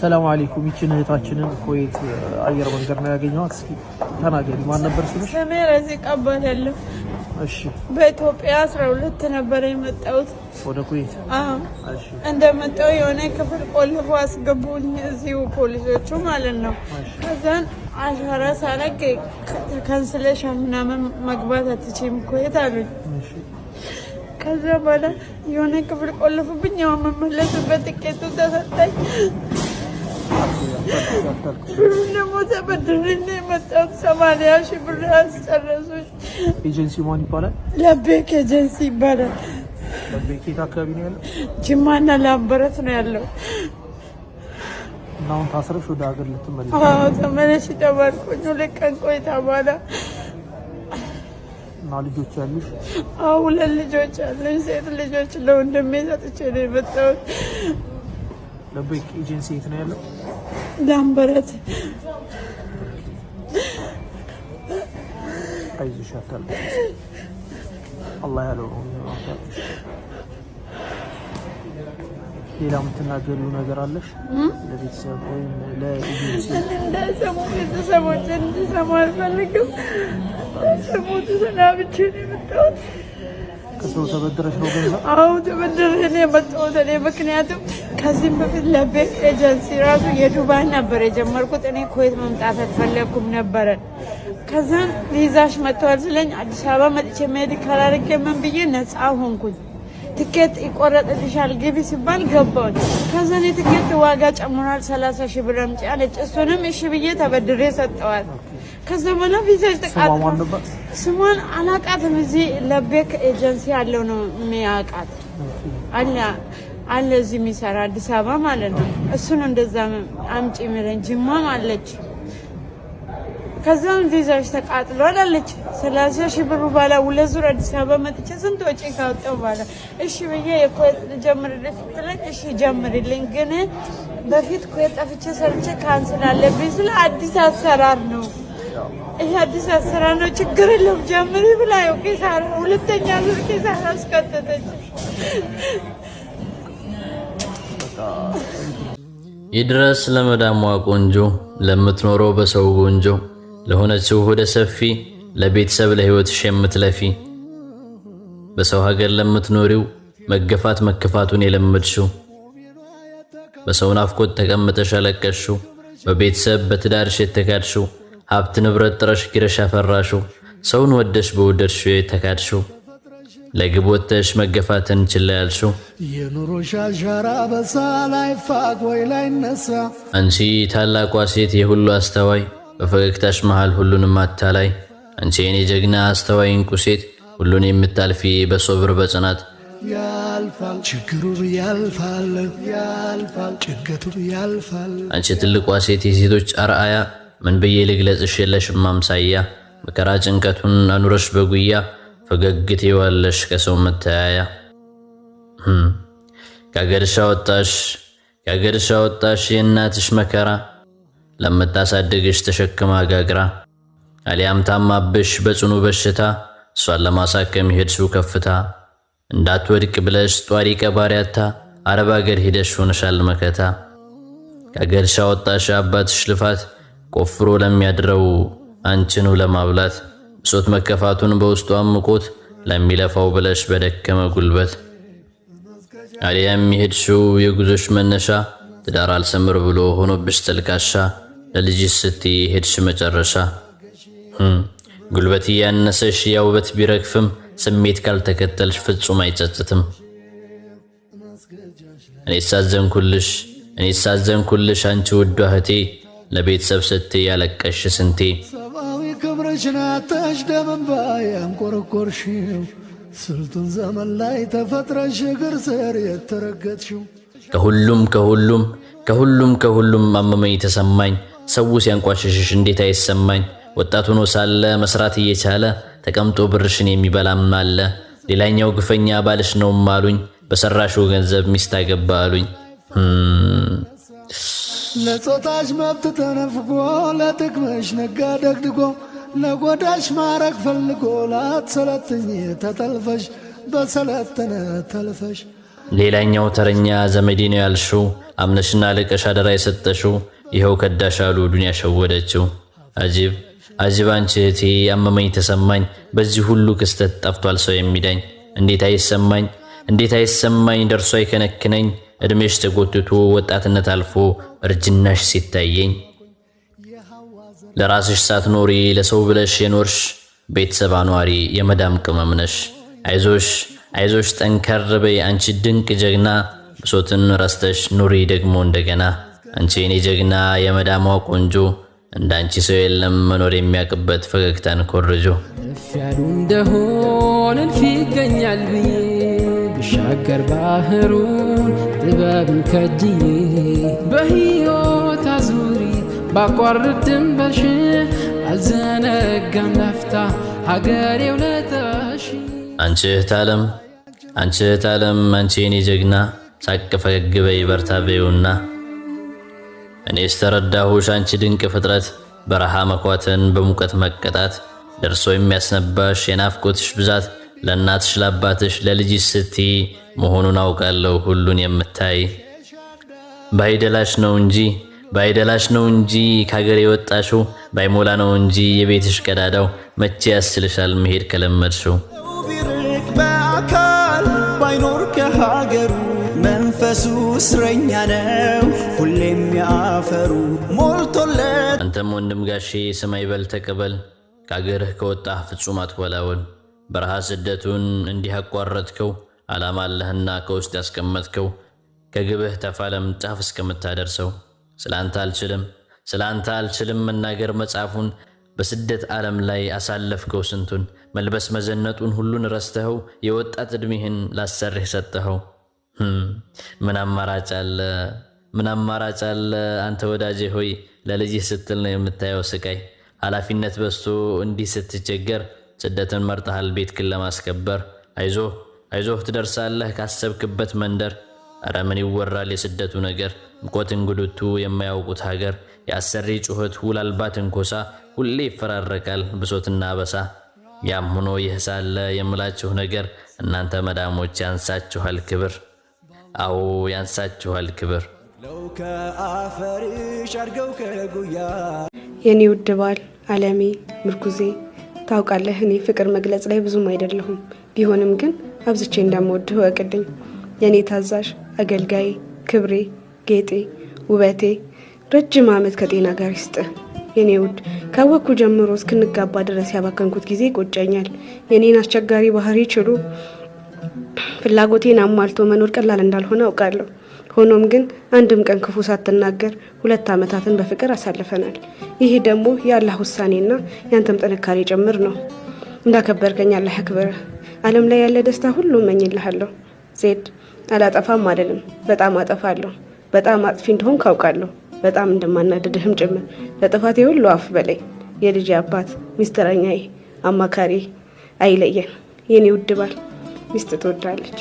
ሰላም አለይኩም። ይችን እህታችንን ኮይት አየር መንገድ ነው ያገኘኋት። እስኪ ተናገሪ፣ ማን ነበር ስምሽ? ስሜ ረዚቃ እባላለሁ። እሺ፣ በኢትዮጵያ 12 ነበር የመጣሁት ወደ ኩዌት። አዎ፣ እንደመጣሁ የሆነ ክፍል ቆልፎ አስገቡኝ፣ እዚሁ ፖሊሶቹ ማለት ነው። ከዛን አሻራ ሳረግ ከንስሌሽን ምናምን መግባት አትችም ኩዌት አሉኝ። ከዛ በኋላ የሆነ ክፍል ቆልፉብኝ፣ ያው የምመለስበት ትኬቱ ተሰጠኝ። ብሩን ደግሞ ተበድሬ የመጣሁት ሰማንያ ሺህ ብር አስጨረሱኝ። ኤጀንሲ ማን ይባላል? ለቤክ ኤጀንሲ ይባላል። ለቤክ የት አካባቢ ነው ያለው? ጅማና ላምበረት ነው ያለው። እና አሁን ታስረሽ ወደ ሀገር ልትመለሽ? አዎ ተመለሽ ተባልኩኝ። ሁለት ቀን ቆይታ በኋላ እና ልጆች ያሉሽ? አዎ ሁለት ልጆች ያሉኝ፣ ሴት ልጆች ለወንድሜ ሰጥቼ ነው የመጣሁት። ለቤክ ኤጀንሲ የት ነው ያለው? ላምበረት አይዞሽ፣ አታልቅሽ። አላህ ያለው ሌላ የምትናገሪው ነገር አለሽ? ለቤተሰብ ወይም ለኤጀንሲ እንዳሰሙ ቤተሰቦች እንዲሰሙ አልፈልግም። ሰሞቱ ሰናብቼ ነው የመጣሁት። ከሰው ተበድረሽ ነው ገንዘብ? አዎ ተበድሬ ነው የመጣሁት እኔ ምክንያቱም ከዚህም በፊት ለቤክ ኤጀንሲ ራሱ የዱባይ ነበር የጀመርኩት። እኔ ኩዌት መምጣት አልፈለግኩም ነበረ። ከዛን ቪዛሽ መጥተዋል ስለኝ አዲስ አበባ መጥቼ ሜዲካል አድርጌ ምን ብዬ ነፃ ሆንኩኝ። ትኬት ይቆረጥልሻል ግቢ ሲባል ገባሁኝ። ከዛን የትኬት ዋጋ ጨምሯል፣ ሰላሳ ሺህ ብር አምጪ አለች። እሱንም እሺ ብዬ ተበድሬ ሰጠዋል። ከዛ በኋላ ቪዛሽ ተቃጥሏል። ስሟን አላቃትም። እዚህ ለቤክ ኤጀንሲ ያለው ነው የሚያውቃት አለ አለ እዚህ የሚሰራ አዲስ አበባ ማለት ነው። እሱን እንደዛ አምጪ ምለን ጅማም አለች። ከዛም ቪዛዎች ተቃጥሎ አለች። ሰላሳ ሺህ ብሩ ባላ ሁለት ዙር አዲስ አበባ መጥቼ ስንት ወጪ ካወጣው ባላ እሺ ብዬ የኮት ጀምርልኝ ስትለኝ እሺ ጀምርልኝ፣ ግን በፊት ኮት ጠፍቼ ሰርቼ ካንስል አለብኝ ስለ አዲስ አሰራር ነው ይህ አዲስ አሰራር ነው ችግር የለም ጀምሪ ብላ ኬሳራ ሁለተኛ ዙር ኬሳራ አስከተተች። ይድረስ ለመዳሟ ቆንጆ ለምትኖረው በሰው ጎንጆ ለሆነችው ሆደ ሰፊ ለቤተሰብ ለሕይወትሽ የምትለፊ በሰው ሀገር ለምትኖሪው መገፋት መከፋቱን የለመድሽው በሰው ናፍቆት ተቀምጠሽ ያለቀሽው በቤተሰብ በትዳርሽ የተካድሽው ሀብት ንብረት ጥረሽ ግረሽ ያፈራሽው ሰውን ወደሽ በውደድሽ የተካድሽው ለግብ ወጥተሽ መገፋትን ችላ ያልሽው የኑሮ ሻሻራ በሳ ላይ ፋቅ ወይ ላይ ነሳ አንቺ ታላቋ ሴት የሁሉ አስተዋይ በፈገግታሽ መሃል ሁሉንም አታላይ አንቺ የኔ ጀግና አስተዋይ እንቁ ሴት ሁሉን የምታልፊ በሶብር በጽናት ያልፋል ችግሩ ያልፋል ያልፋል ጭንቀቱ ያልፋል። አንቺ ትልቋ ሴት የሴቶች አርአያ ምን ብዬ ልግለጽሽ የለሽም ማምሳያ መከራ ጭንቀቱን አኑረሽ በጉያ ፈገግት ዋለሽ ከሰው መተያያ ከአገርሻ ወጣሽ ከአገርሻ የእናትሽ መከራ ለምታሳድግሽ ተሸክማ አጋግራ አሊያም ታማብሽ በጽኑ በሽታ እሷን ለማሳከም የሄድሽው ከፍታ እንዳትወድቅ ብለሽ ጧሪ ቀባሪያታ አረብ አገር ሂደሽ ሆነሻል መከታ። ከአገርሻ ወጣሽ አባትሽ ልፋት ቆፍሮ ለሚያድረው አንችኑ ለማብላት ብሶት መከፋቱን በውስጡ አምቆት ለሚለፋው ብለሽ በደከመ ጉልበት አሊያም የሚሄድሽው የጉዞሽ መነሻ ትዳር አልሰምር ብሎ ሆኖብሽ ተልካሻ ለልጅሽ ስትይ ሄድሽ መጨረሻ ጉልበት እያነሰሽ ያውበት ቢረግፍም ስሜት ካልተከተልሽ ፍጹም አይጸጽትም። እኔ ሳዘንኩልሽ እኔ ሳዘንኩልሽ አንቺ ውዷ እህቴ ለቤተሰብ ስትይ ያለቀሽ ስንቴ መች ደምንባ ያንቆረቆርሽው ስልቱን ዘመን ላይ ተፈጥረሽ እግር ስር የተረገጥሽው ከሁሉም ከሁሉም ከሁሉም ከሁሉም አመመኝ ተሰማኝ። ሰው ሲያንቋሽሽሽ እንዴት አይሰማኝ? ወጣት ሆኖ ሳለ መስራት እየቻለ ተቀምጦ ብርሽን የሚበላም አለ። ሌላኛው ግፈኛ ባልሽ ነውም አሉኝ። በሰራሹ ገንዘብ ሚስት አገባ አሉኝ። ለጾታሽ መብት ተነፍጎ ለጥቅመሽ ነጋ ደግድጎ ለጎዳሽ ማረግ ፈልጎ ላትሰለትኝ ተጠልፈሽ በሰለተነ ተልፈሽ። ሌላኛው ተረኛ ዘመዴ ነው ያልሽው አምነሽና ልቀሽ አደራ የሰጠሽው ይኸው ከዳሽ አሉ ዱንያ ሸወደችው። አጂብ አጂብ አንቺ እህቴ አመመኝ ተሰማኝ በዚህ ሁሉ ክስተት ጠፍቷል ሰው የሚዳኝ እንዴት አይሰማኝ እንዴት አይሰማኝ ደርሶ አይከነክነኝ እድሜሽ ተጎትቶ ወጣትነት አልፎ እርጅናሽ ሲታየኝ ለራስሽ ሳትኖሪ ለሰው ብለሽ የኖርሽ ቤተሰብ አኗሪ የመዳም ቅመም ነሽ። አይዞሽ አይዞሽ ጠንከር በይ አንቺ ድንቅ ጀግና፣ ብሶትን ረስተሽ ኑሪ ደግሞ እንደገና። አንቺ የኔ ጀግና የመዳሟ ቆንጆ፣ አንቺ ሰው የለም መኖር የሚያውቅበት ፈገግታን ኮርጆ። እፍ ያሉ እንደሆን እልፍ ይገኛል ብዬ ብሻገር ባህሩን ጥበብን ከጅዬ በህዮ ባቋርጥ ድንበርሽ አልዘነጋም ላፍታ ሀገሬ ውለታሽ። አንቺ እህት ዓለም አንቺ እህት ዓለም አንቺ የኔ ጀግና ሳቅ ፈገግ በይ በርታ በይውና እኔስ ተረዳሁሽ አንቺ ድንቅ ፍጥረት በረሃ መኳትን በሙቀት መቀጣት ደርሶ የሚያስነባሽ የናፍቆትሽ ብዛት ለእናትሽ ለአባትሽ ለልጅሽ ስቲ መሆኑን አውቃለሁ ሁሉን የምታይ ባይደላሽ ነው እንጂ ባይደላሽ ነው እንጂ ከሀገር የወጣሽው፣ ባይሞላ ነው እንጂ የቤትሽ ቀዳዳው። መቼ ያስችልሻል መሄድ ከለመድሽው? ቢርቅ በአካል ባይኖር ከሀገሩ መንፈሱ እስረኛ ነው ሁሌም ያፈሩ ሞልቶለት። አንተም ወንድም ጋሼ ሰማይ በል ተቀበል፣ ከአገርህ ከወጣህ ፍጹም አትወላወል። በረሃ ስደቱን እንዲህ አቋረጥከው፣ ዓላማ አለህና ከውስጥ ያስቀመጥከው፣ ከግብህ ተፋለም ጫፍ እስከምታደርሰው አንተ አልችልም፣ አንተ አልችልም መናገር መጽሐፉን በስደት ዓለም ላይ አሳለፍከው ስንቱን መልበስ መዘነጡን ሁሉን ረስተኸው የወጣት ዕድሜህን ላሰርህ ሰጠኸው። hm፣ ምን አማራጭ አለ? ምን አማራጭ አለ? አንተ ወዳጄ ሆይ ለልጅህ ስትል ነው የምታየው ስቃይ። ኃላፊነት በዝቶ እንዲህ ስትቸገር ስደትን መርጠሃል ቤትክን ለማስከበር። አይዞህ አይዞህ ትደርሳለህ ካሰብክበት መንደር እረ ምን ይወራል የስደቱ ነገር፣ ምቆት፣ እንግዱቱ የማያውቁት ሀገር፣ የአሰሪ ጩኸት፣ ውል አልባ ትንኮሳ ሁሌ ይፈራረቃል ብሶትና በሳ ያም ሆኖ ይህ ሳለ የምላችሁ ነገር እናንተ መዳሞች ያንሳችኋል ክብር፣ አዎ ያንሳችኋል ክብር። የኔ ውድ ባል አለሜ ምርኩዜ፣ ታውቃለህ እኔ ፍቅር መግለጽ ላይ ብዙም አይደለሁም። ቢሆንም ግን አብዝቼ እንደምወድህ እወቅልኝ የእኔ ታዛዥ አገልጋይ፣ ክብሬ፣ ጌጤ፣ ውበቴ ረጅም ዓመት ከጤና ጋር ይስጥ የኔ ውድ። ካወቅኩ ጀምሮ እስክንጋባ ድረስ ያባከንኩት ጊዜ ይቆጨኛል። የኔን አስቸጋሪ ባህሪ ችሉ ፍላጎቴን አሟልቶ መኖር ቀላል እንዳልሆነ አውቃለሁ። ሆኖም ግን አንድም ቀን ክፉ ሳትናገር ሁለት ዓመታትን በፍቅር አሳልፈናል። ይህ ደግሞ የአላህ ውሳኔና ያንተም ጥንካሬ ጭምር ነው። እንዳከበርከኝ አላህ ያክብርህ። አለም ላይ ያለ ደስታ ሁሉ እመኝልሃለሁ ዜድ አላጠፋም አይደለም፣ በጣም አጠፋለሁ። በጣም አጥፊ እንደሆን ካውቃለሁ፣ በጣም እንደማናደድህም ጭምር። ለጥፋቴ ሁሉ አፍ በላይ የልጅ አባት፣ ሚስተረኛዬ፣ አማካሪ አይለየን። የኔ ውድ ባል ሚስት ትወዳለች።